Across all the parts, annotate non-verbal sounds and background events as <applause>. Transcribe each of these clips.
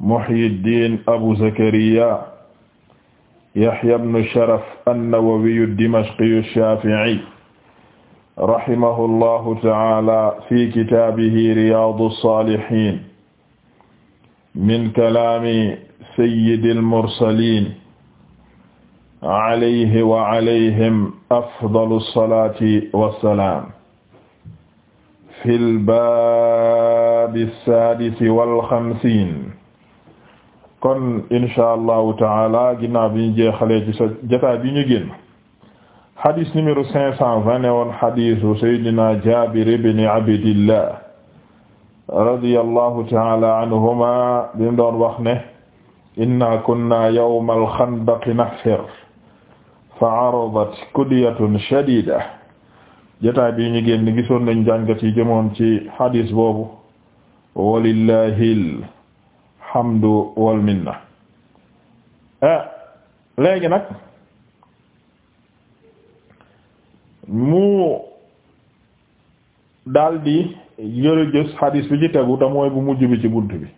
Muhyiddin Abu Zakariya Yahya ibn Sharaf an-Nawawi ad-Dimashqi ash-Shafi'i rahimahullahu ta'ala fi kitaabihi Riyaadu s-Saalihiin min kalaami sayyidil mursaliin alayhi wa alayhim afdalu salaati wa salaam fil baabi s-saadisi wal xamsiin kon insha allahu taala ginnaaw bi ñu jeexalee ci sa bi ñu génn xadis numéro cinq cent vingt ne woon xadisu saydina jabir ibn abdillah radiyallahu taala anhuma bi doon wax ne inna kunna yawma alxandaqi nahfir fa aradat kudiyatun shadida jotaay bi ñu génn gisoon nañ jàngat yi jëmoon ci xadis boobu walillahil hamdu wal minna eh, léegi nag mu daldi jërëjës xadis bi ci tegu te mooy bu mujj bi ci bunt bi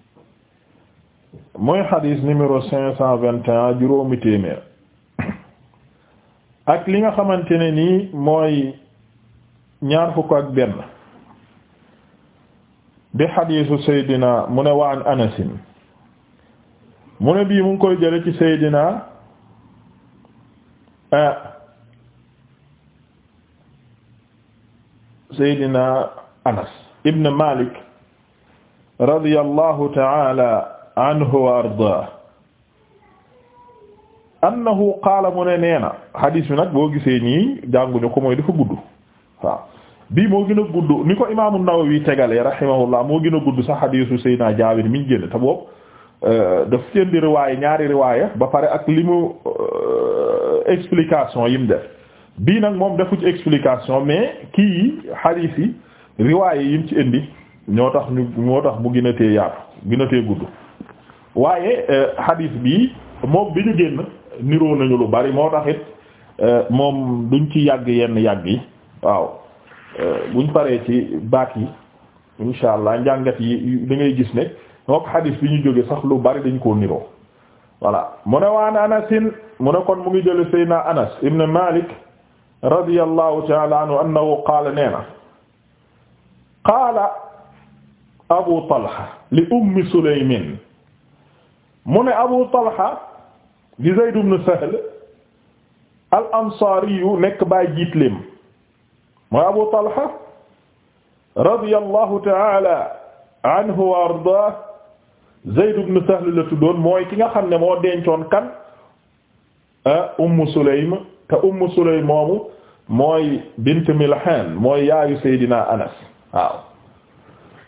mooy xadis numéro cinq cent vingt et un juróomi téeméer ak li nga xamante ne nii mooy ñaar fukk ak benn bi xadisu Seydina mu ne wa an Anasin mu ne bii mu koy jële ci Seydina eh, Seydina Anas ibn Malik radiyallahu ta'ala anhu wa ardaah annahu qaala mu ne nee na hadis bi nag gisee nii jànguñu ko mooy dafa gudd waaw bii moo gën a gudd ni ko imaamu Nawawi tegalee rahimahullah moo gën a gudd sax hadisu Seydina Jaabir mi ngi génn te Euh, daf ci indi riwaaya ñaari riwaaya ba pare ak li mu euh, explication yi mu def bii nag moom defu ci explication mais kii xadiis yi riwaay yi mu ci indi ñoo tax ñu moo tax bu ginatee a tee gudd waaye euh, xadiis bi moom bi ñu génn niroo nañu lu bari moo tax it moom duñ ci yàgg yenn yàgg yi waaw buñ paree ci baat yi insha allah njàngat yi da ngay gis ne mook xadis bi ñu jóge sax lu bari dañ koo niroo voilà mu ne waan anasin mu ne kon mu ngi jële saydna anas ibn malik radiyallahu ta'ala anhu annahu qaala nee na qaala abu talha li ummi sulaymin mu ne abu talha di zayd ibn sahl al ansaari yu nekk baay jiitlim mooy abu talha radiyallahu ta'ala anhu wa ardaah Zayd ibn Sahl la mooy ki nga xam ne moo dencoon kan Umm Sulaym te Umm Sulaym moomu mooy bint Milhan mooy yaayu Seydina Anas waaw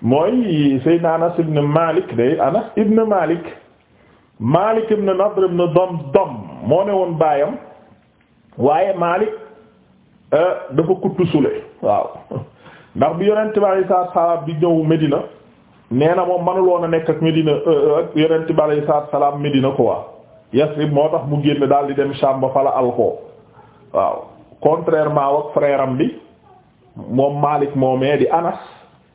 mooy Seydina Anas ibn Malik day Anas ibn Malik Malik ibn Nadr ibn Damdam moo ne woon baayam waaye Malik ah, dafa kuttu sule waaw <laughs> ndax bi yonent bi sallallahu alayhi bi ñëw Medina nee na moom manuloon a nekk ak Medina euh, euh, ak yonent bi alayhi salaatu salaam Medina quoi Yasrib moo tax mu génn daal di dem Sham ba fala alko waaw contrairement ak frère bi moom Malik moomee di Anas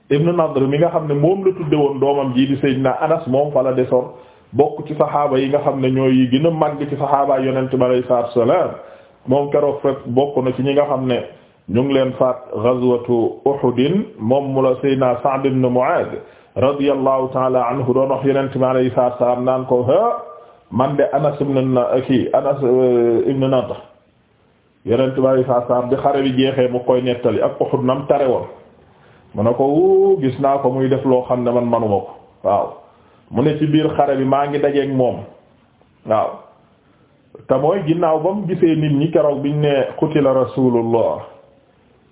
ibn Nadr mi nga xam ne moom la tudde woon doomam ji di Seydina Anas moom fala desoon bokk ci saxaaba yi nga xam ne ñooy yi gën a màgg ci saxaaba yonent bi alayhi salaatu salaam moom keroog fekk bokk na ci ñi nga xam ne ñu ngi leen faat ghazwatu Uhud moom mu la Seydina Sa'd ibn radiyallahu taala anhu doon wax yeneen bi saa salaatu salaam naan ko ha man de Anas ibn kii Anas eh, ibn Nadr yeneen bi alayhi salaatu salaam bi xare bi jeexee mu koy nettali ak Uhud nam tare woon mu ne ko wuu gis naa ko muy def loo xam ne man manuma ko waaw mu ne ci biir xare bi maa ngi dajeek moom waaw te mooy ginnaaw ba mu gisee nit ñi keroog biñ ne qutila rasulullah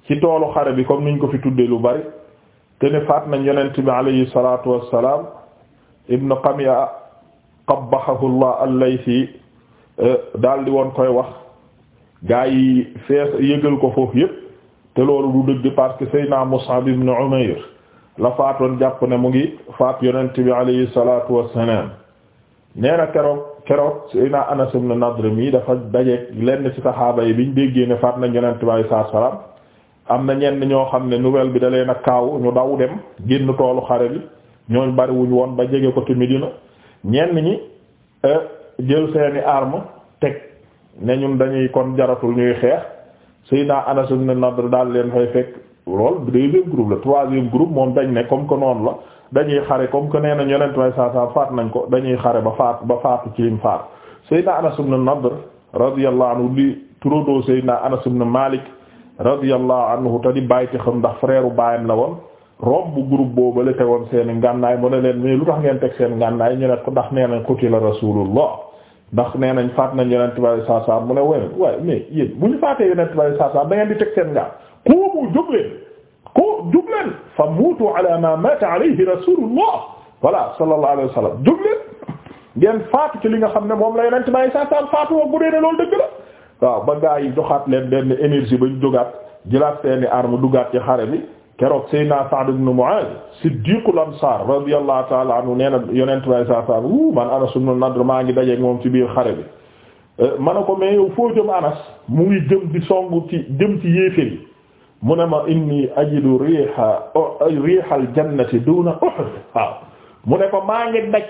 ci toolu xare bi comme niñ ko fi tuddee lu bari kene faat nañ yonent bi alayhi salatu wassalam ibnu qamiya qabbahahullah allaysi eh, daal daldi woon koy wax gaa yi fees yëgal ko foofu yépp te loolu du dëgg parce que sayna Mus'ab ibn Umayr la faatoon jàpp ne mu ngi faat yonent bi alayhi salatu wassalam nee na keroog keroog sayna Anas ibn Nadr mi dafa dajeeg lenn ci saxaaba yi biñ déggee ne faat nañ yonent bi alayhi salatu wassalam am na ñenn ñoo xam ne nouvelle bi da leen a kaaw ñu daw dem génn toolu xare bi ñooñ bariwuñ woon ba jege ko Medina ñeen ñi euh, jël seeni arme teg ne ñun dañuy kon jaratul ñuy xeex Seydina Anas ibn Nadr daal leen fay fekk lool deuxième groupe la troisième groupe moom dañ ne comme que noonu la dañuy xare comme que nee na ñeneen may saa saa faat nañ ko dañuy xare ba ba faatu ci lim faat Seydina Anas ibn Nadr radiyallahu anhu li turadoo Seydina Anas ibn Malik radiyallahu anhu te di bàyyi ci xam ndax frère baayam la woon romb groupe boobu la tegoon seen i ngànnaay mu ne leen mais lu tax ngeen teg seen ngànnaay ñu ne ko ndax nee nañ qutila rasulullah ndax nee nañ faat nañ yonent bi saa saa mu ne wen waaye mais yéen bu ñu faatee yonent bi saa saa di teg seen ngaa koobu jóg leen ko jóg leen fa muutu ala ma mata alayhi rasulullah voilà sallallahu alayhi jóg leen ngeen faatu ci li nga xam ne moom la yonent bi waaw ba gaa yi joxaat leen benn énergie ba jogaat jógaat jëlaat seeni dugaat ci xare bi keroog Seydina Sa'd ibn Mu'adh siddiqul ansar radiyallahu ta'ala nee na yonent bi sallallahu alayhi wasallam wu man Anas ibn Nadr maa ngi dajeeg moom ci biir xare bi eh, ma ko mais yow foo jëm Anas mu ngi jëm di songu ci jëm ci yéeféer yi mu ne ma inni ajidu riha riha al duna Uhud mu ne ko maa ngi daj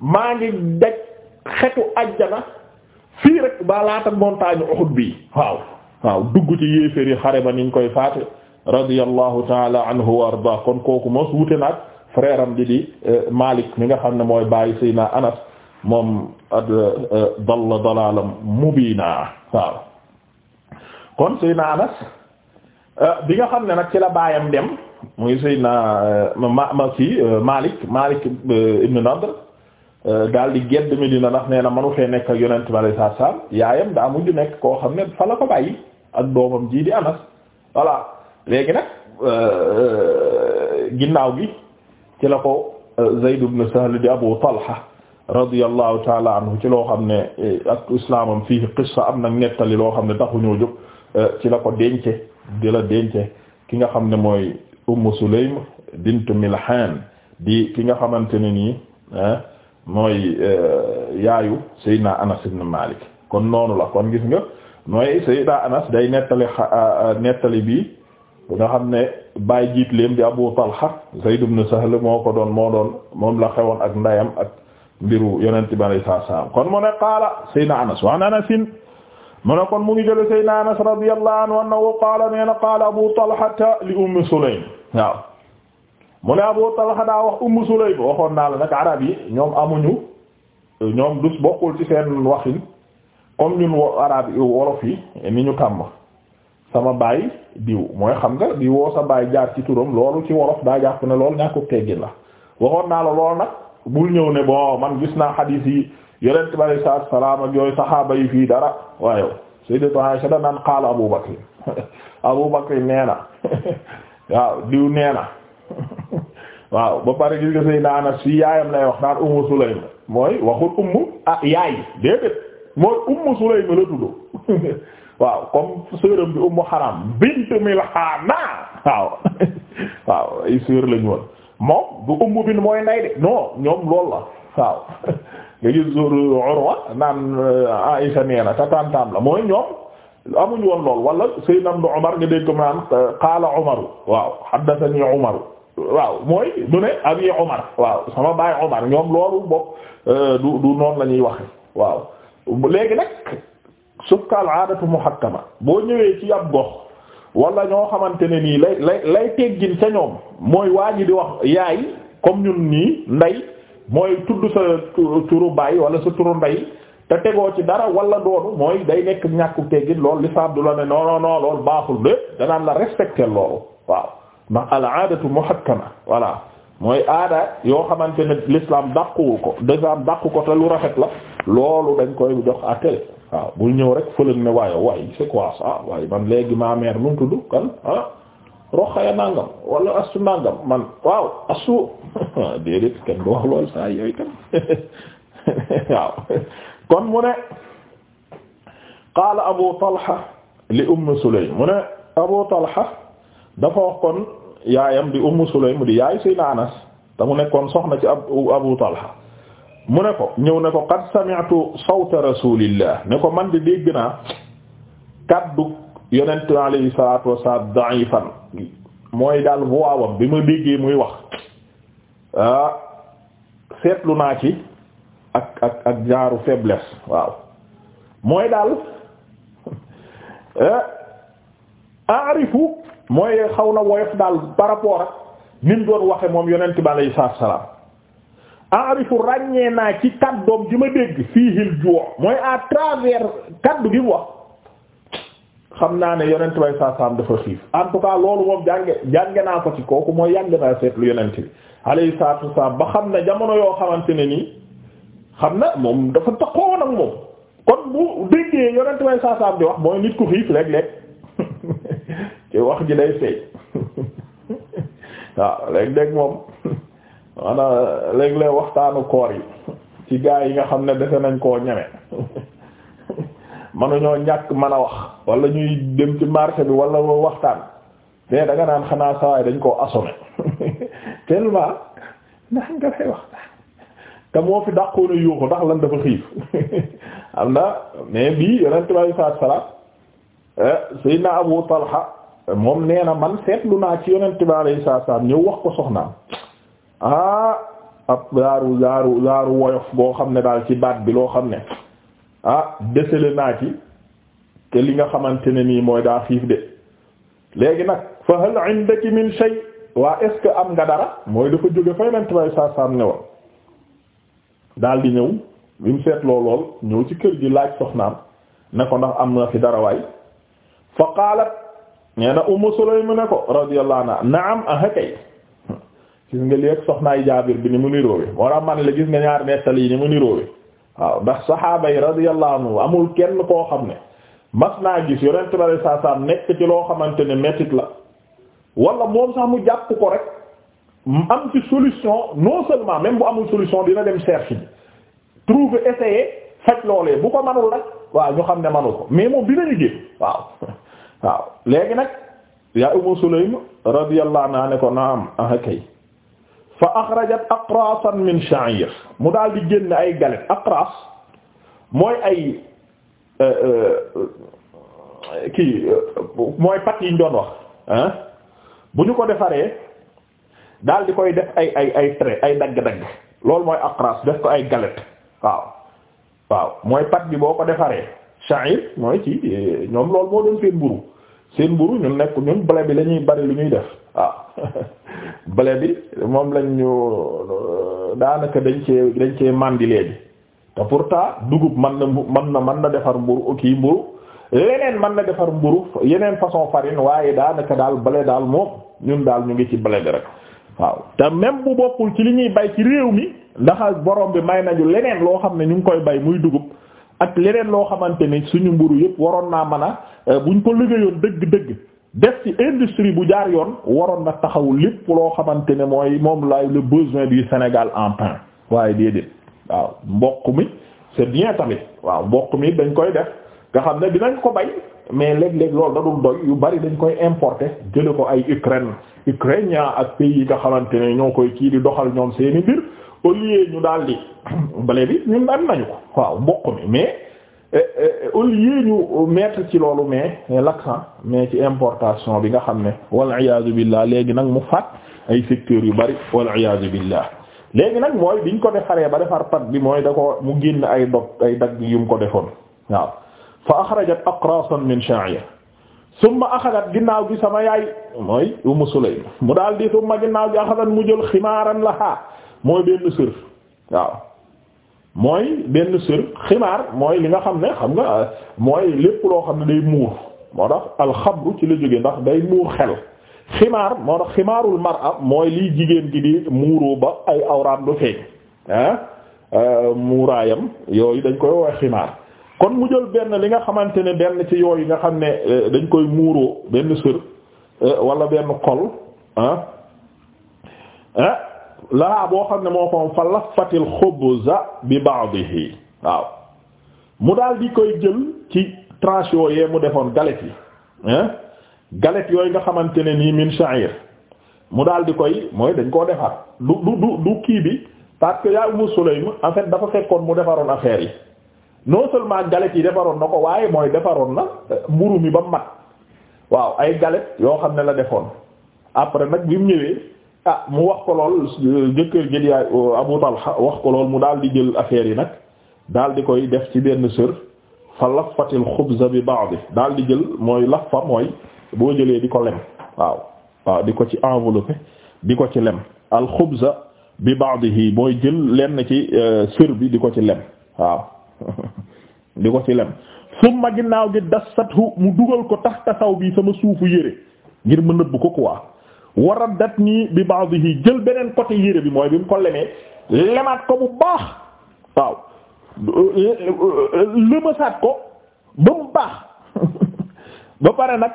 maa ngi daj xetu ajjana fii rek ba laata montagne Uhud bi waaw waaw dugg xare ba niñ koy faate radiyallahu taala anhu wa arda kon kooku mos wute naag frère am di di euh, Malik mi nga xam ne mooy bàyyi Seydina Anas moom ad euh, dalla dalalam mubina waaw kon Seydina Anas euh, bi nga xam ne nag ci la baayam dem muy Seydina ma ma kii Malik Malik ibn Nadr Euh, daal di gedd Medina ndax nee na manu fee nekk ak yonent bi saa saa yaayam daa mujj nekk koo xam ne fa la ko bàyyi ak doomam ji di Anas voilà léegi nag euh, euh, ginnaaw gi ci la ko Zayd ibn Sahl di Abu Talha radiyallahu taala anhu ci loo xam ne ak islaamam fii qissa am nag nettali loo xam ne taxuñoo jóg ci la ko dence di la dence ki nga xam ne mooy Umm Sulaym bint Milhan di ki nga xamante ne nii mooy euh, yaayu Seydina Anas ibn Malik kon noonu la kon gis nga mooy Seydina Anas day nettali euh, euh, nettali bi nga xam ne jiit jiitleem di Abu Talha Zayd ibn Sahl moo ko doon moo doon moom la xewoon ak ndayam ak mbiru yonent bi alayhi salaam kon mu qaala Seydina Anas wa Anasin mu kon mu ngi jële Seydina Anas radiyallahu anhu Abu Talha li Ummi Sulaym waaw mu ne Abu Talha daa wax Ummu Sulaym waxoon naa la nag arab yi ñoom amuñu ñoom dus bokkul ci seen waxin comme ñun wo arab yi wolof yi ni ñu tàmm sama baay diw mooy xam nga di woo sa baay jaar ci turam loolu ci wolof daa jàpp ne loolu ñàkku teggin la waxoon naa la lool nag bul ñëw ne bon man gis naa xadiis yi yonent bi alayhi salaam ak yooyu saxaaba yi fii dara waaye Sayyidatu Aisha da naan qaala Abu Bakr <laughs> Abu Bakr nee na <laughs> waaw diw nee <laughs> waaw bu pare gis nga Seydina Anas fii yaayam lay wax naan Ummu Sulaym mooy waxul ummu ah yaay déedéet mooy Ummu Sulaym la tudd <laughs> waaw comme sœuram bi Ummu Haram bint Milhana <laughs> waaw ay sœur lañu woon moom bu ummu bi mooy nay de non ñoom loolu la waaw <laughs> nga gis Urwa naan euh, Aisha nee na ta tantam la mooy ñoom amuñu woon lool wala Seydina Umar nga dégg ko naan euh, qaala Umaru waaw haddathani Umaru waaw mooy du ne abi Omar waaw sama baay Omar ñoom loolu bopp euh, du du noonu la ñuy waxe waaw léegi nag sufkaal aadatu muhakkama boo ñëwee ci ab gox wala ñoo xamante ne nii lay lay lay teggin ca ñoom mooy waa ji di wax yaay comme ñun nii ndey mooy tudd sa turu baay wala sa turu ndey te tegoo ci dara wala doonu mooy day nekk ñàkku teggin loolu lislaam du la ne non non baaxul de danaan la respecter loolu waaw ndax al aadatu muhakkama voilà mooy aada yoo xamante ne l'islam dàquwul ko l'islam dàqu rafet la loolu dañ koy jox àttale waaw bul ñëw rek fëlan ne waaye waaye c'est quoi ça man léegi ma mère nu mu tudd kan ah roxaya nangam wala astu nangam man waaw astu <laughs> déedéet kenn du lool saa yooyu <laughs> kon mu ne qaala Abu Talha li Umm Sulaym mu ne Abu Talha dafa wax kon yaayam di Ummu Sulaym di yaay Seydina Anas te mu nekkoon soxna ci Abu Talha mu ne ko ñëw ne ko qad sami'tu sawta rasulillah ne ko man di dégg naa kaddu yonent alayhi salaatu wasalaam da'ifan mooy daal voix bi ma déggee muy wax ah seetlu naa ci ak ak ak jaaru faiblesse waaw mooy daal <laughs> eh, a'rifu mooy xaw na woyof daal par rapport ak ni mu doon waxe moom yonent bi alayhi salaam arifu ràññee naa ci kaddoom ji ma dégg fiihil ju mooy à travers kaddu gi mu wax xam naa ne yonent bi alayhi salaam dafa xiif en tout cas loolu moom jànge jànge naa ko ci kooku mooy yàgg naa seetlu yonent bi alayhi salaatu wassalaam ba xam ne jamono yoo xamante ne nii xam na moom dafa tax taxawoon ak moom kon bu déggee yonent bi alayhi salaam di wax mooy nit ku xiif léeg-léeg wax ji day feeñ waaw léeg-léeg moom maanaam léegi léeg waxtaanu koor yi ci gaa yi nga xam ne defe nañ koo ñeme manuñoo ñàkk mën a wax walla ñuy dem ci marché bi wala waxtaan mais da naan xanaa sawaay dañ koo assommé tellement ndax nga lay wax te moo fi dàqoona yuuxu ndax lan dafa xiif am na mais bii yonent bi sallallahu alayhi wasallam eh, sayyidina Abu Talha moom nee man seetlu naa ci yonent bi alayhi salaam ñëw wax ko soxnaam ah ab zaaru zaaru zaaru woyof boo xam ne daal ci baat bi loo xam ne ah desele naa ci te li nga xamante ne nii mooy daa xiif léegi nag fa hal indaki waa am nga dara mooy dafa jóge fa yonent bi daal di ñëw bi mu seetloo lool ci kër gi laaj soxnaam ne ko ndax am na fi dara waay fa qaalat nee na Ummu Sulaym ne ko radiyallahu anha naam aha kay gis nga léegi soxnaay Jaabir bi ni mu niroowe wala man la gis nga ñaar nettali yi ni mu niroowe waaw ndax saxaaba yi radiyallahu anhu amul kenn koo xam ne mas naa gis yonent bi loo xamante ne mettit la wala moom sax mu ko rek am solution non bu amul solution dina dem chercher trouver essayer faj loolee bu ko manul rek waaw ñu xam ne manu ko mais moom dinañu gén waaw waaw léegi nag yaa Umm Sulaym radiyallahu anha ne ko naam aha kay fa akhrajat aqrasan min sha'ir mu daal di génn ay galet aqras mooy ay euh, euh, kii euh, mooy pat yi ñu doon wax bu ñu ko defaree daal di koy def ay ay ay trait ay dagg-dagg loolu mooy aqras def ko ay galet waaw waaw mooy pat bi boo ko defaree sha'ir mooy ci euh, ñoom loolu moo doon seen mburu seen mburu ñun nekk ñun blé bi la ñuy bari lu ñuy def waaw ah. <laughs> bi moom lañ ñu euh, daanaka dañ cee dañ cee màndi léegi te pourtant dugub mën na man na mën na defar mburu kii mburu leneen mën na defar mburu yeneen façon farine waaye daanaka daal blé daal moom ñun daal ñu ngi ci blé bi rek waaw te même bu bokkul ci li ñuy bay ci réew mi ndax borom bi may nañu leneen loo xam ne ñu ngi koy bay muy dugub ak leneen loo xamante ni suñu mburu yëpp waroon naa mën a euh, buñ ko liggéeyoon dëgg-dëgg def ci industrie bu jaar yoon waroon na taxawul lépp loo xamante ne mooy moom laay le besoin du Sénégal en pain waaye déedéet waaw mboq mi c'est bien tamit waaw mboq mi dañ koy def nga xam ne dinañ ko bay mais léeg-léeg loolu da doy yu bari dañ koy importer jële ko ay Ukraine Ukraine ak pays yi nga xamante ne ñoo koy kii di doxal ñoom seeni mbir au lieu ñu daal di blé bi ñun am nañu mboq mi mais eh, eh, au ci loolu mais eh, l'accent mais ci importation bi nga xam ne wal iyaazu billah léegi nag mu faat ay secteurs yu bari wal iyaazu billah léegi nag mooy biñ ko defaree ba defar pat bi mooy da ko mu génn ay dog ay dagg yu mu ko defoon waaw fa axrajat aqrasan min sha'ir summa axadat ginnaaw gi sama yaay mooy Ummu Sulaym mu daal di summa ginnaaw gi axadat mu jël ximaaran la mooy benn sër waaw mooy benn sër ximaar mooy li nga xam ne xam nga mooy lépp loo xam ne day muur moo tax alxabru ci la jóge ndax day muur xel ximaar moo tax ximaarul mar'a mooy liy jigéen gi di muuroo ba ay awraam du feeñ ah, euh, muuraayam yooyu dañ koy woowee ximaar kon mu jël benn li nga xamante ne benn ci yooyu nga xam ne euh, dañ koy muuroo benn sër euh, walla benn kol ah ah lahaa boo xam ne moo ko fa lafatil xubza bi ba'dihi waaw mu daal di koy jël ci tranche yooyee mu defoon galet yi hein galette yooyu nga xamante ne nii min mu dal di koy mooy dañ koo defar du du du kii bi parce que yaa Umm Sulaym en fait dafa fekkoon mu defaroon affaire yi non seulement galette yi defaroon na ko waaye mooy defaroon na euh, mburu mi ba mat waaw ay galette yoo xam ne la defoon après nag bi mu ñëwee. ah mu wax ko lool euh, jëkkër jël yaay euh, Abu Talha wax ko lool mu daal di jël affaire yi nag daal di koy def ci benn sër fa lafatil xubza bi ba'd daal di jël mooy lafa mooy boo jëlee di ko lem waaw waaw di ko ci enveloppé di ko ci lem al xubza bi ba'dihi mooy jël lenn ci euh, sër bi di ko ci lem waaw <laughs> di ko ci lem summa ginnaaw gi dasathu mu dugal ko taxta saw bi sama suufu yére ngir ma nëbb ko quoi waraddat nii bi ba'dihi jël beneen côté yére bi mooy bi mu ko lemee lemaat ko bu baax waaw lëmasaat ko ba mu baax <laughs> ba pare nag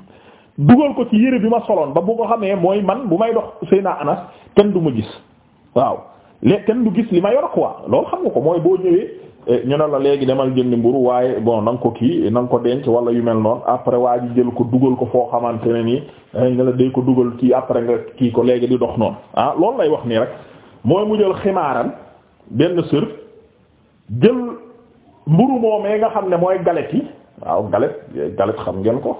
<laughs> dugal ko ci yére bi ma soloon ba bu ko xamee mooy man bu may dox naa Anas kenn du ma gis waaw léegi kenn du gis li ma yor quoi loolu xam nga ko mooy boo ñëwee Eh, ñu ne la léegi demal jëndi mburu waaye bon na ko kii na ko denc wala yu mel noonu après waa ji jël ko dugal ko foo xamante ne nii eh, nga day ko dugal kii après nga kii ko léegi di dox noonu ah loolu lay wax nii rek mooy mu jël ximaaran benn sër jël mburu moomee nga xam ne mooy galette yi waaw galette eh, galette xam ngeen ko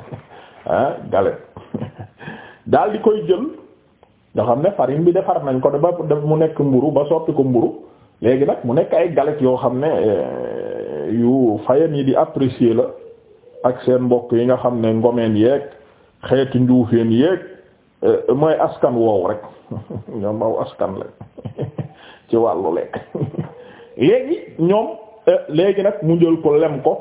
<laughs> ah galette <laughs> daal di koy jël nga xam ne farine bi far nañ ko ba mu nekk mburu ba soppi ko mburu léegi nag mu nekk ay galette yoo xam ne euh, yu fayeen yi di apprécier la ak seen mbokk yi nga xam ne ngomeen yeeg xeetu njuufeen yéeg euh, mooy askan woowu rek <laughs> ñoom aw askan la <laughs> ci wàllu lekk <laughs> léegi ñoom euh, léegi nag mu jël ko lem ko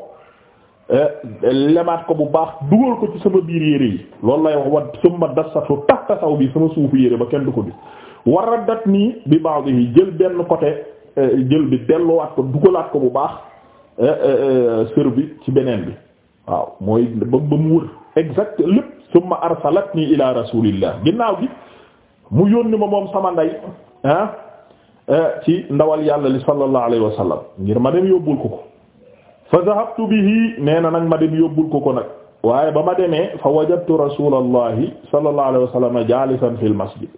lemaat ko bu baax dugal ko ci sama biir yére yi loolu lay wax wa suma dasatu tax tasaw bi sama suufu yére ba kenn du ko gis war a dat nii bi baax yi jël benn côté Euh, jël bi delluwaat ko dugalaat ko bu baax euh, euh, sër bi ci beneen bi waaw mooy ba ba mu wër exact lépp summa arsalatni ila rasulillah ginnaaw bi mu yónni ma moom sama ndey ah ci ndawal yàlla li sallallahu alayhi wa sallam ngir ma dem yóbbul ko ko fa dhahabtu bihi nee na nag ma dem yóbbul ko ko nag waaye ba ma demee fa wajadtu rasulallahi sallallahu alayhi wa sallam jalisan fil masjid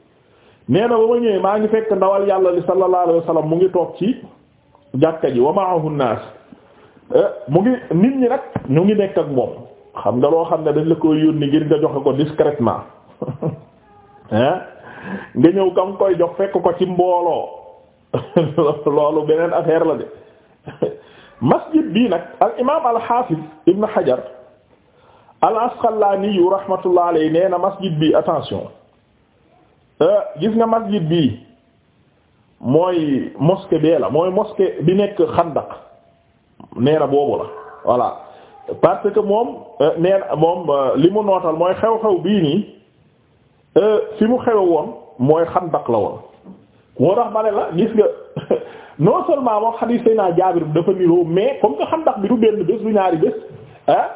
nee na ba ma ñëwee maa ngi fekk ndawal yàlla li sallallahu alayhi mu ngi toog ci jàkka ji wa ma'ahu an eh, mu ngi nit ñi nag ñu ngi nekk ak moom xam nga loo xam ne dañ la koy yónni ngir nga jox a ko discrètement hein <laughs> eh? nga ñëw kam koy jox fekk ko ci mbooloo <laughs> loolu beneen affaire la de <laughs> masjid bii nag al imaam al hafiz ibn hajar al asqalani yu rahmatullah alayhi nee na masjid bi attention Euh, gis nga masjid bii mooy mosquée bee la mooy mosquée bi nekk xandak nee na boobu la voilà parce que moom euh, nee moom euh, li mu nootal mooy xew-xew bii nii fi mu xewe woon mooy xandak la woon moo tax bale la gis nga <laughs> non seulement moo xadiis say naa Jaabir dafa niroo mais comme que xandak bi du benn bés du ñaari bés ah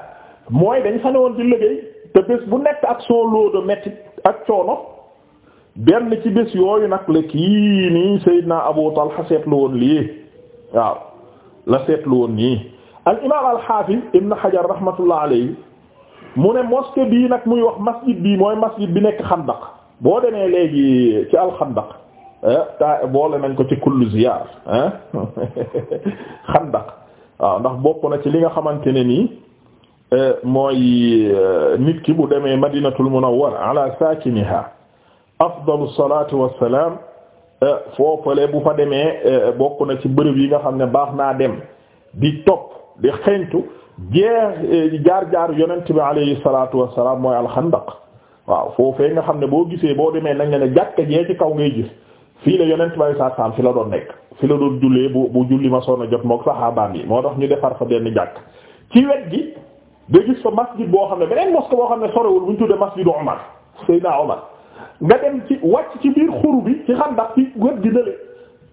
mooy dañ fa ne woon di liggéey te bés bu nekk ak son lot de ak coono benn ci bés yooyu nag la kii nii Seydina Abu Talha seetlu woon lii waaw la seetlu woon nii al imaam al xaafiz Ibn Hajar rahmatullah mu ne mosquée bii nag muy wax masjid bii mooy masjid bi nekk xandaq boo demee léegi ci al xandaq eh, ta boole nañ ko ci kullu ziyaar ah <laughs> waaw ndax bokk na ci li nga xamante ne nii eh, mooy nit ki bu demee madinatul munawwara ala saakiniha afdalu salaatu wassalaam euh, foofale bu fa demee euh, bokk na ci bërëb yi nga xam ne baax naa dem di topp di xeeñtu jeex jaar-jaar euh, yonent bi alayhi salaatu wassalaam mooy alxandaq waaw foofee nga xam ne boo gisee boo demee nañ ne jàkka jee ci kaw ngay gis fii la yonent bi alayhi salaam fi la doon nekk fi la doon jullee bu bu julli ma soona jot mook saxaabaam yi moo tax ñu defar fa benn jàkk ci wet gi da gis fa masjid boo xam ne beneen mosquée boo xam ne sorewul bu ñu tuddee masjidu Umar Seydina Umar nga dem ci wàcc ci biir xuru bi ci xandax ci wet gi dale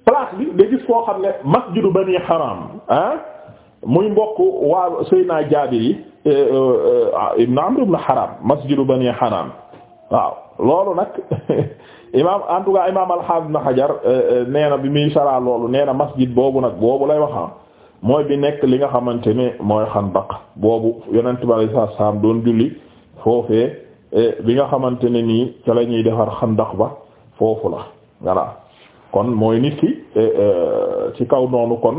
place bi nga gis koo xam ne masjidu bani haram ah muy mbokk waa Seydina yi eh, eh, ibn Amr ibn Haram masjidu bani haram waaw loolu nag <laughs> imaam en tout cas imaam al-Hafiz Ibn Hajar eh, bi muy saraa loolu nee na masjid boobu nag boobu lay waxa ah, mooy bi nekk li nga xamante ni mooy xandaq boobu yonent bi sallallahu alayhi doon julli foofee Eh, bi nga xamante ne nii ca la ñuy defar xandax ba foofu la voilà kon mooy nit eh, eh, ci kaw noonu kon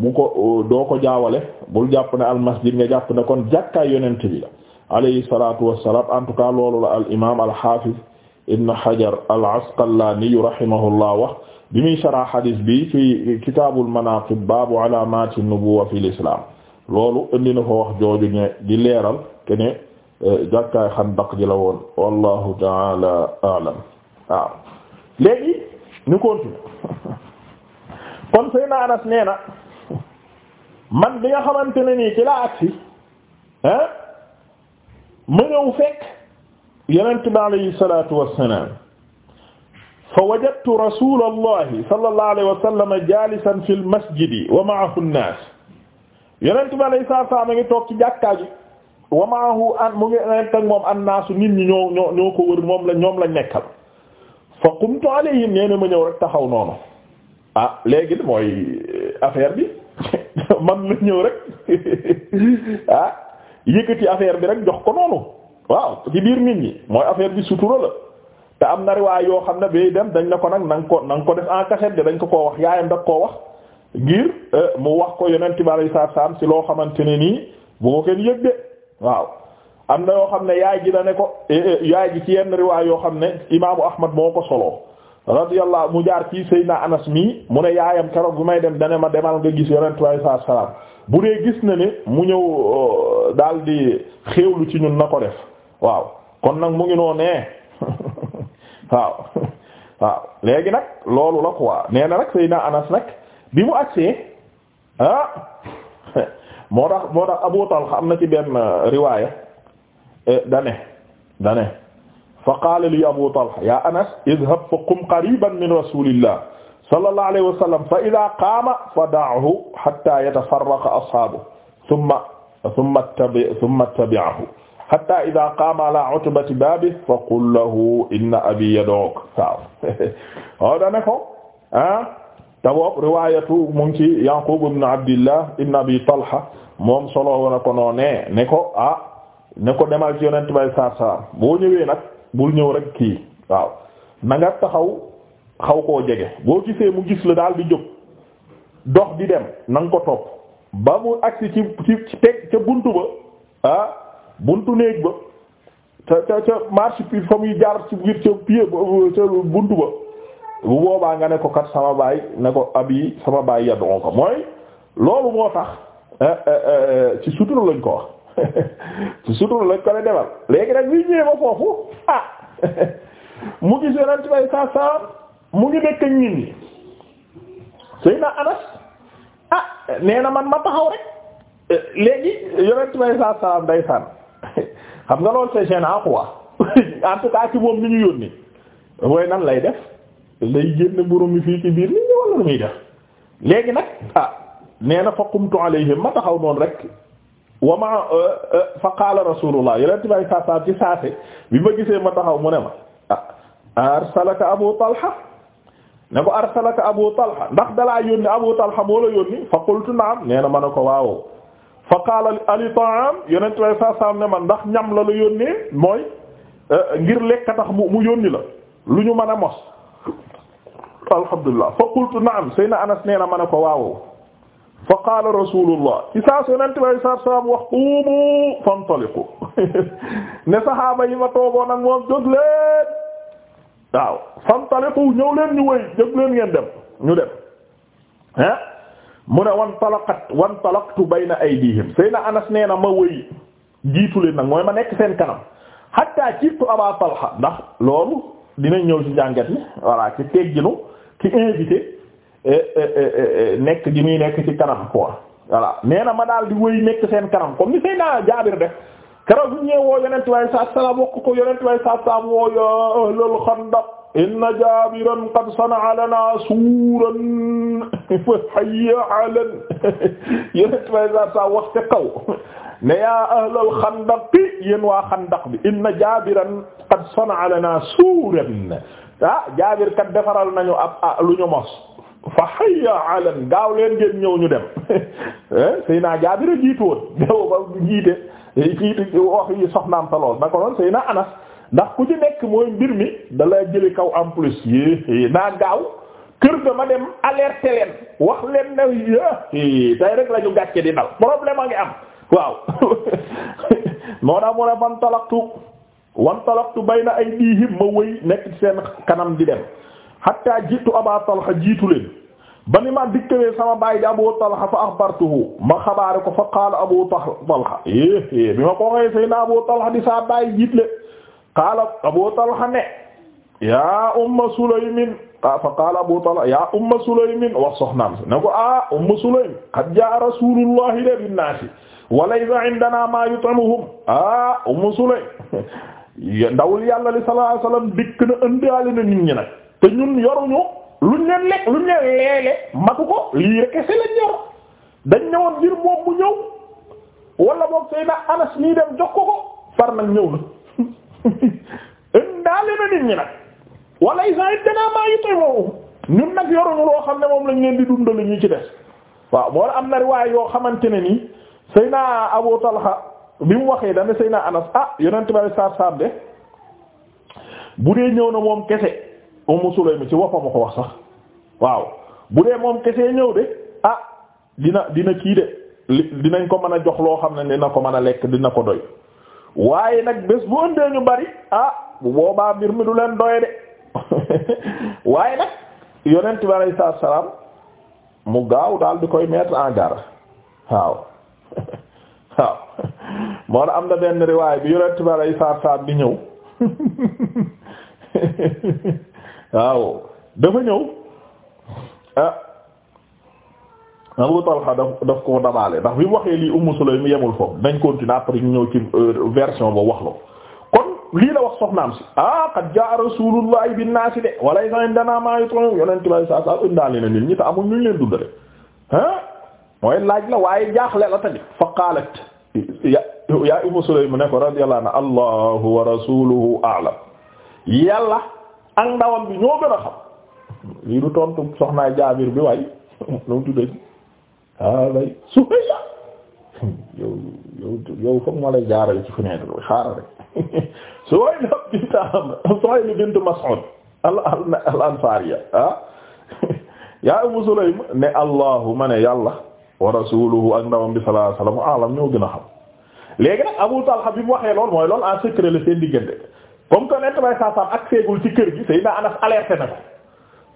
bu ko doo ko jaawale bul jàpp ne almasjid nga jàpp ne kon jàkkaay yonent bi la alayhi salatu wassalam en tout cas loolu la al imam al hafiz ibn hajar al asqalani rahimahullah wax bi muy sharah hadis bi fi kitabul manaqib baabu alamati nubuwwa fi l loolu indi na wax jooju ne di leeral kene jàkkaay xandaq ji la woon wallahu taala alam waaw léegi ñu continue kon Seydina Anas nee na man bi nga xamante ne nii ci laa agsi ah ma ñëw fekk yonent bi alayhi salatu wassalam fa wajadtu rasula allahi sallallahu alayhi wa sallam jalisan fi l masjidi wa ma'ahu an-nas yonent bi alayhi salatu wassalam a ngi toog ci jàkkaa ji wa maahu an mu ngi nekk ak moom annaasu nit ñi ñoo ñoo ñoo ko wër moom la ñoom lañ nekkal fa qumtu alayhim nee na ma ñëw rek taxaw noonu ah léegi mooy eh, affaire bi <laughs> man la ñëw rek <laughs> ah yëkkati affaire bi rek jox ko noonu waaw ci biir nit ñi mooy affaire bi sutura la te am na riwaay yoo xam ne bay dem dañ na ko nag na ko na ko def en cachette de dañ ko koo wax yaayam da koo wax ngir eh, mu wax ko yeneen bi sallallahu alayhi wasallam ci loo xamante ne nii bu ko kenn yëg de waaw am na yoo xam ne yaay ji da ne ko eh, eh, yaay ji ci yenn riwaay yoo xam ne imaamu ahmad moo ko soloo radiyallahu mu jaar ci Seydina Anas mii mu ne yaayam keroog bu may dem dane ma demal nga gis yonent bi sallallahu alayhi bu dee gis na ni mu ñëw euh, daal di ci ñun na ko def waaw kon nag mu ngi noo nee eh. <laughs> waaw <laughs> waaw léegi nag loolu la quoi nee na nag Seydina Anas nag bi mu agsee ah <laughs> moo tax moo tax Abu Talha am na ci benn euh, riwaaya euh, dane dane fa qaala li Abu Talha ya Anas idhab fa qum qariban min rasulillah sallallahu alayhi wa sallam fa idha qaama fa da'hu hatta yatafarraqa ashaabuhu thumma thumma tabi thumma tabi'hu hatta idha qaama ala utbati baabihi fa qul lahu inna abi yad'uka waaw <laughs> oh, dane ko ah te boobu riwaayatu mu ngi ci Yaqub ibn Abdillah ibn Abi Talha moom solo woon na ko noonee ne ko ah ne ko demal ci yonent bay saar saar boo ñëwee nag bul ñëw rek kii waaw na taxaw xaw koo jege boo gisee mu gis la daal di jóg dox di dem na ko topp ba mu agsi ci ci teg ca buntu ba ah buntu néeg ba ca ca ca marche bi fa muy jaar ci biir ca pied ba ca buntu ba bu boobaa nga ne ko kat sama baay ne ko abi sama baay yadon ko mooy loolu moo tax eh, eh, eh, ci sutura lañ ko wax <laughs> ci sutura ko ne defal léegi nag bi ñëwee ba foofu ah <laughs> mu gis yonent bay saa saa mu ngi nekk ak nit ñi sëy na anas ah nee na man ma taxaw rek léegi yonent bay saa saa day sànn <laughs> xam nga loolu c'est gênant quoi en tout cas ci ni ñu yónni mooy nan lay def lay génn mburu mi fii ci biir nit ñi wala lu muy def léegi nag ah na fa qumtu alayhim ma taxaw noonu rek wa ma euh, euh, fa qaala rasulullah yonent bay saasaam ci saase bi ma gisee ma taxaw mu ne ma ah arsalaka abu talha ne ko arsalaka abu talha ndax dalaa yónni abu talha moo la yónni fa qultu naam nee na ma ne ko waaw fa qaala ali ta'am yonent bay saasaam ne ma ndax ñam la la yónnee mooy euh, ngir lekk tax mu mu yónni la lu ñu mën a mos alhamdulilah fa qultu naam sayna anas nee na ma ne ko waawow fa qaala rasulullah ci saa su yonente bi alei salatu salaam wax quumu fantaliqu <laughs> ne sahaaba yi ma toogoon ak moom jóg leen waaw fantaliqu ñëw leen ñu wëy jóg leen ngeen dem ñu dem ah mu ne wan talaqat wan talaqtu bayna aydihim sayna anas nee na ma wëy jiitu leen nag mooy ma nekk seen kanam hatta jiitu aba talha ndax loolu dinañ ñëw ci jàngat yi ci tegginu ki invité eh, eh, eh, nekk ji nekk ci kanam quoi voilà na ma daal di wéy nekk seen kanam comme ni Seydina Jaabir def keroog bu ñu woo Yonent bi wa sallam ko Yonent bi sallallahu alayhi wa sallam woo yaa ahlal xandaq inna Jaabiran qad sana'a lanaa suuran ne yaa ahlal xandaq yéen waa xandaq bi inna suuran ah jaabir kat defaral nañu ab ah lu ñu mos fa hayya alan gaaw leen ngeen ñëw ñu dem <laughs> eh Seyna jaabir a jiitu woon déw <laughs> ba jiite jiitu wax yi soxnaam sa lool naka lool Seyna Anas ndax ku ci nekk mooy mbir mi da lay jëli kaw am plus yé naa gaaw kër ga ma dem alerte leen wax leen ne yé tey rek la ñu gàcce di dal problème a ngi am waaw <laughs> moo dax mu ne fan talaktu wantalaqtu bayna aydihim ma wëy nekk ci seen kanam di dem hatta jiitu Aba Talha jiitu leen ba ni ma dikkawee sama baay di Abu Talha fa axbartuhu ma xabaare ko fa qaala Abu Talha eh, eh bi ma ko waxee sëy na Abu Talha di saa baay jiitle qaala Abu Talha ne yaa umma Sulaymin fa qaala Abu Talha yaa umma Sulaymin wax soxnaam si ne ko ah umma Sulaym qad jaa rasuulullahi linnaasi wa laysa indanaa maa yut'imuhum ah umma Sulaym <laughs> ndawul yàlla li sallallahu na ëndaale na nit ñi nag te ñun yoruñu luñ leen lekk luñ leen leele matu ko lii rek kese lañ yor dañ ñëwoon ngir moom mu ñëw wala boog say na anas nii dem jox ko ko far nag ñëw na <laughs> ëndaale na nit ñi nag wala isa danaa maa yitte moom ñun nag yoruñu loo xam ne moom lañ leen di dundal ñu ci des waaw moo la am na riwaay yoo xamante ne nii say na Abu Talha bi mu waxee dana sëy naa anas ah yonent bari saab saab de bu dee ñëw na moom kese Ummu Sulaym ci woppam a ko wax sax waaw bu dee moom kese ñëw de ah dina dina kii de dinañ ko mën a jox loo xam ne dina ko mën a lekk dina ko doy waaye nag bés bu ëndee ñu bari ah boobaa mbir mi du leen doy de <laughs> waaye nag yonent bi alayhi salaam mu gaaw daal di koy mettre en garde waaw <laughs> waaw moo am na benn riwaay bi yore tubaab saab saab bi ñëw waaw dafa ñëw ah Abu Talha daf daf koo dabaale ndax bi mu waxee lii Ummu Sulaym yemul foofu dañ continuer après ñu ñëw ci euh, version boobu wax la kon lii la wax soxnaam si ah qad jaa Rasulullahi bin de wala indana maa yut'un yonent bi saa saa indaale na nit ñi te amul ñu leen dundale ah mooy laaj la waaye jaaxle la tamit fa qaalat yaa Ummu Sulaym ne ko radiyallahu anha allahu wa rasuluhu a'lam yàlla ak ndawam bi ñoo gën a xam lii du tontu soxnaay Jaabir bi waay lu mu tuddee ah bay Suhayla <laughs> yow yow yow foog ma lay jaarale ci fenêtre bi xaaral rek <laughs> Suhayla bint Amr Suhayla bint al ansariya ah. <laughs> yaa Ummu Sulaym ne allahu ma ne yàlla wa rasuluhu ak ndawam bi sallallahu alayhi wasallam a'lam ñoo gën a xam. léegi nag Abu Talha bi mu waxee lool mooy lool en secret la seen diggante comme que nett bay saa saam ak seegul ci kër gi Seydina Anas alerté na ko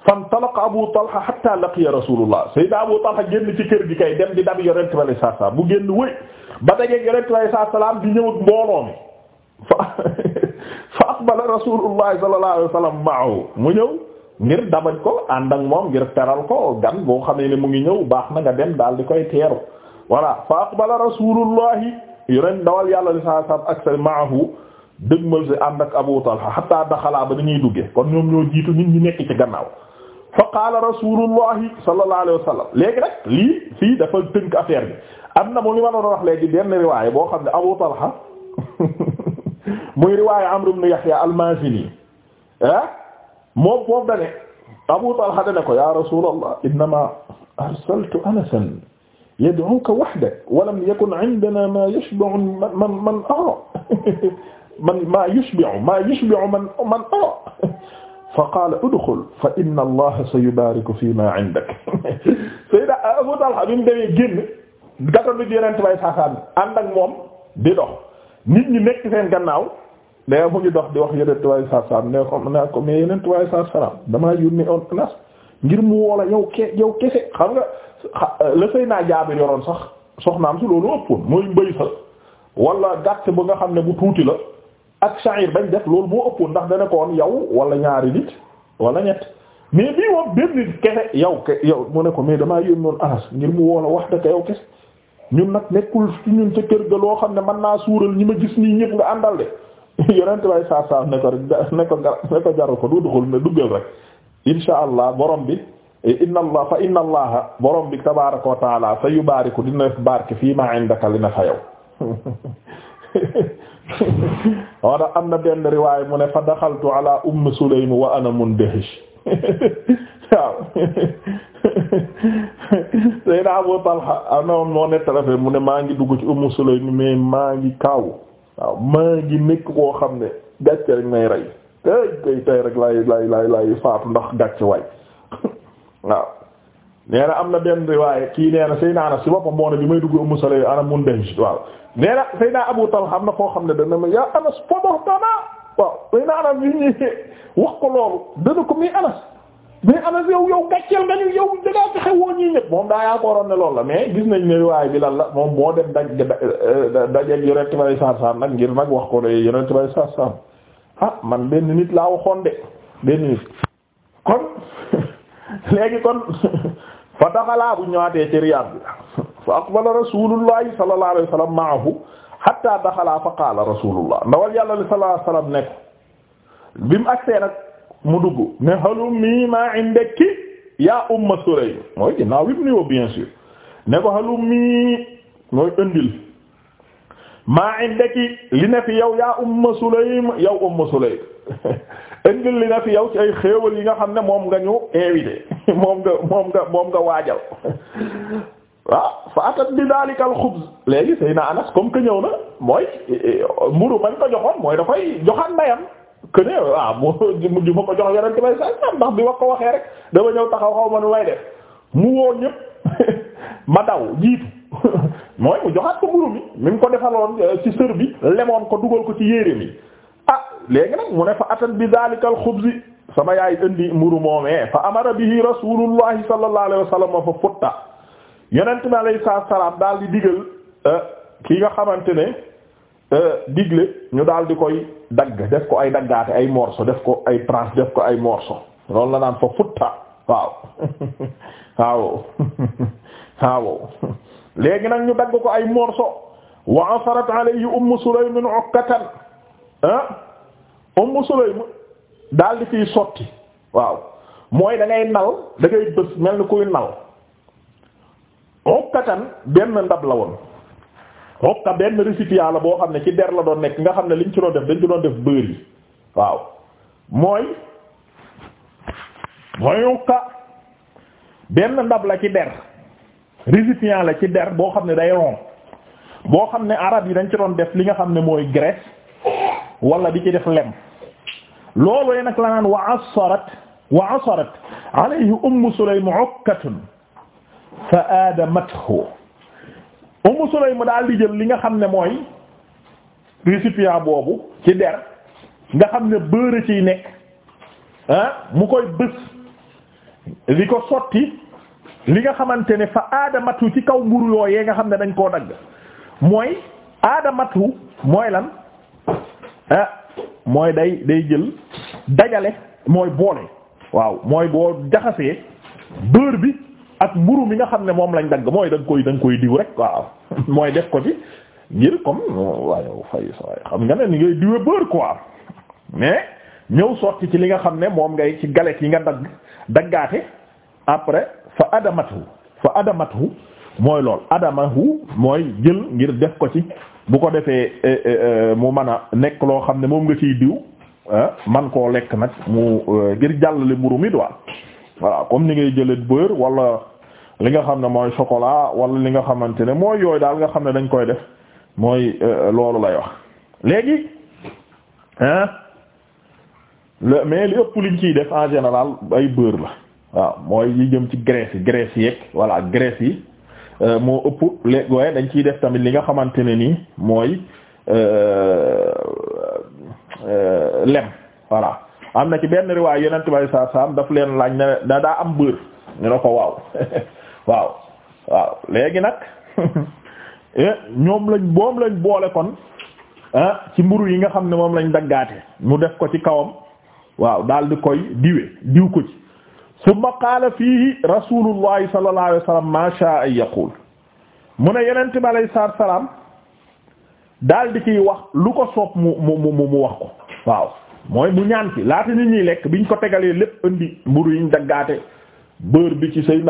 fantalaqa Abu Talha hatta laqiya Rasulullah Seydina Abu Talha génn ci kër gi kay dem di dab Yonent bi alayhi salaam bu génn wëy ba dajeeg Yonent bi alayhi salaam di ñëw ak mbooloo mi fa fa aqbala Rasulullah sallallahu alayhi wa sallam ma'ahu mu ñëw ngir dabaj ko ànd ak moom ngir teral ko gan boo xam ne mu ngi ñëw baax na nga dem daal di koy teeru yeneen dawal yàlla li saa saam ma sa maahu dëgmal si ànd ak Abu Talha hatta daxalaa ba dañuy duggee kon ñoom ñoo jiitu nit ñi nekk ci gannaaw fa qaala rasulullahi sallallahu alayhi wa sallam léegi lii fii dafa tënk affaire bi am na mu li ma doon wax léegi benn riwaay boo xam ne Abu Talha <laughs> muy riwaay Amr ibn Yahya al-Mazini ah moom foofu da Abu Talha da ko ya rasulallah innama arsaltu anasan yad'uka wahdak wa lam yakun 'indana ma yashba'u man man ara <laughs> man ma yashba'u ma yashba'u man man ara <laughs> fa qaala udxul fa inna allaha sayubaariku fi ma 'indak <laughs> Sayda Abu Talha bi mu demee génn gàttal bi yeneen bay saasaan ànd ak moom di dox nit ñi nekk seen gannaaw mais mu ngi dox di wax yeneen bay saasaan ne ko ne ko mais yeneen bay saasaan damaa yónni on nas ngir mu woola yow ke yow kese xam nga la sëy naa jaabir yoroon sax soxnaam si loolu ëppoon mooy mbëy sa wala gàtt ba nga xam ne bu tuuti la ak sha'ir bañ def loolu moo ëppoon ndax dana ko woon yow wala ñaari nit wala ñett mais bii moom benn kese yow ke yow mu ne ko mais damaa yónnoon Anas ngir mu woola wax dëgg yow kese ñun nag nekkul ci ñun ca kër ga loo xam ne mën naa suural ñi ma gis nii ñëpp nga àndal de <laughs> yonent bay saa saa ne ko ne ko ne ko jaru ko insha allah borom bi e, inna allah fa inna allah borom bi tabaaraka wa taala sa yubaariku dina def barke fii ma indaka li na fa yow waaw <laughs> dax am na benn riwaay mu ne fa daxaltu ala umm sulaym wa ana mundhish <laughs> waaw Seydina <laughs> Abu Talha am ah, na woon moo nettalafe mu ne maa ngi dugg ci umm sulaym mais maa ngi kaaw waaw maa ngi nekk koo xam ne gàcce rek may rey tey tey tey rek lay lay lay lay faatu ndax gàcc waay waaw nee na am na benn riwaaye kii nee na Seydina Anas si boppam moo ne bi may dugg Ummu Salama ana Mundahis waaw nee na Seydina Abu Talha am na koo xam ne dana ma yaa Anas fadoxtana waaw ko loolu dana ko muy Anas yow yow gàcceel nga ñu yow dangaa fexe woo ñii ñëpp moom daa yaakaroon ne loolu la mais gis nañ ne riwaay bi lan la moom moo dem daj dajeeg Yonent bi sallallahu alayhi wasallam nag ngir nag wax ko ne Yonent bi ah man benn nit laa waxoon de benn nit kon <laughs> léegi kon <laughs> fa daxalaa bu ñëwaatee ci Riyad bi fa aqbala rasulullahi sallallahu alayhi wa sallam maahu hatta daxalaa fa qaala rasulullah ndawal yàlla li sallallahu alayhi wa sallam nekk bi mu agsee nag mu dugg ne halummi maa indaki yaa umma Sulaym mooy ginnaaw bi mu nuyoo bien sûr ne ko halummi mooy indil maa indaki li na fi yow yaa umma sulaym yow umma sulaym <laughs> indil li na fi yow ci ay xéewal yi nga xam ne moom nga ñëw invité <laughs> moom nga moom nga moom nga waajal waaw <laughs> ah, fa atat bi daalika al léegi sëy na anas comme que ñëw na mooy mburu mañ ko joxoon mooy da koy joxaat mayam que ne waaw ah, mu ma ko jox yonente bay sasam ndax bi wax ko waxee rek dafa ñëw taxaw xaw ma nu may def mu woo ñëpp ma daw jiitu <laughs> mooy mu joxaat ko mburu mi mi mu ko defaloon euh, ci sër bi lemoon ko dugal ko ci yére mi ah léegi nag mu ne fa atan bi daalikal xubsi sama yaay indi mburu moomee fa amara bihi rasuulullahi sallallahu alayhi wa sallam fa futta yonent bi alayhi salaam daal di digal euh, ki nga xamante ne euh, digle ñu daal di koy dagg def ko ay daggaate ay morceau def ko ay tranche def ko ay morceau loolu la naan fa futta waaw <laughs> waaw <laughs> léegi nag ñu dagg ko ay morceaux wa asarat alayhi ummu sulaym ukkatan ah ummu sulaym daal di fiy sotti waaw mooy da nal da bës mel ni kuy nal ukkatan benn ndab la woon ukka benn récipient la boo xam ne ci der la doon nekk nga xam ne liñ ci doon def dañ ci doon def beurre waaw mooy mooy ukka benn ndab la ci der récipient la ci der boo xam ne day ron boo xam ne arab yi dañ ci doon def li nga xam ne mooy graisse wala di ci def lem loolu nag la naan wa asarat wa asarat alayhi ummu sulaym ukkatun fa aadamathu ummu sulaym daal di jël li nga xam ne mooy récipient boobu ci der nga xam ne beurre ciy nekk ah mu koy bës li ko sotti li nga xamante ne fa aadamatu ci kaw mburu yee nga xam ne dañ koo dagg mooy aada aadamatu mooy lan ah, mooy day day jël dajale mooy boole waaw mooy boo jaxasee beurre bi ak mburu mi nga xam ne moom lañ dagg mooy da nga koy da diw rek waaw <laughs> mooy def ko ci ngir comme waaye fay saway xam nga ne ni ngay diwe beurre quoi mais ñëw sotti ci li nga xam ne moom ngay ci galette yi nga dagg daggaate après fa adamatu fa adamatu mooy lool adamahu mooy jël ngir def ko ci bu ko defee eh, eh, eh, mu mën a nekk loo xam ne moom nga ciy diw ah, man koo lekk nag mu ngir jàllale mburu mi doon waaw comme ni ngay jëlee beurre wala li nga xam ne mooy chocolat wala li nga xamante ne mooy yooyu daal nga xam ne dañ koy def mooy loolu lay wax léegi hein ah, mais li ëpp liñ ciy def en général ay beurre la waaw mooy yi jëm ci graisse yi graisse yeeg voilà graisse yi euh, moo ëpp léegi waaye dañ ciy def tamit li nga xamante ne nii mooy euh, euh, lem voilà am na ci benn riwaay yonent bay saa saam daf leen laaj na da daa am bër ñu ne ko waaw <laughs> waaw waaw léegi nag <laughs> eh, ñoom lañ boom lañ boole kon ah, ci mburu yi nga xam ne moom lañ daggaate mu def ko ci kawam waaw daal di koy diwe diw ko ci summa qaala fiihi rasulullahi sallallahu alayhi wa sallam ma sha'a an yaqul mu ne yonent bi alayhi salaatu wa salaam daal di kiy wax lu ko soob mu mu mu mu wax ko waaw mooy mu ñaan ci laata nit ñuy lekk biñ ko tegalee lépp indi mburu yiñ daggaate beurre bi ci say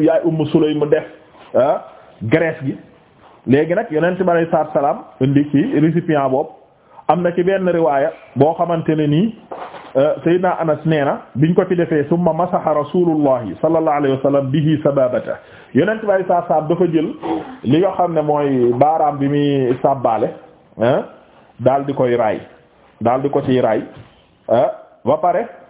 yaay Ummu Sulaym mu def ah graisse gi léegi nag yonent bi alayhi salaatu wa salaam indi ki récipient boobu am na ci benn riwaaya boo xamante ne nii Euh, Seydina Anas nee na biñ ko ci defee suma masaha rasulullahi sallallahu alayhi wa sallam bihi sababata yonent bi saa saab dafa jël li nga xam ne mooy baaraam bi muy sàbbaale daal di koy raay daal di ko ciy raay ba pare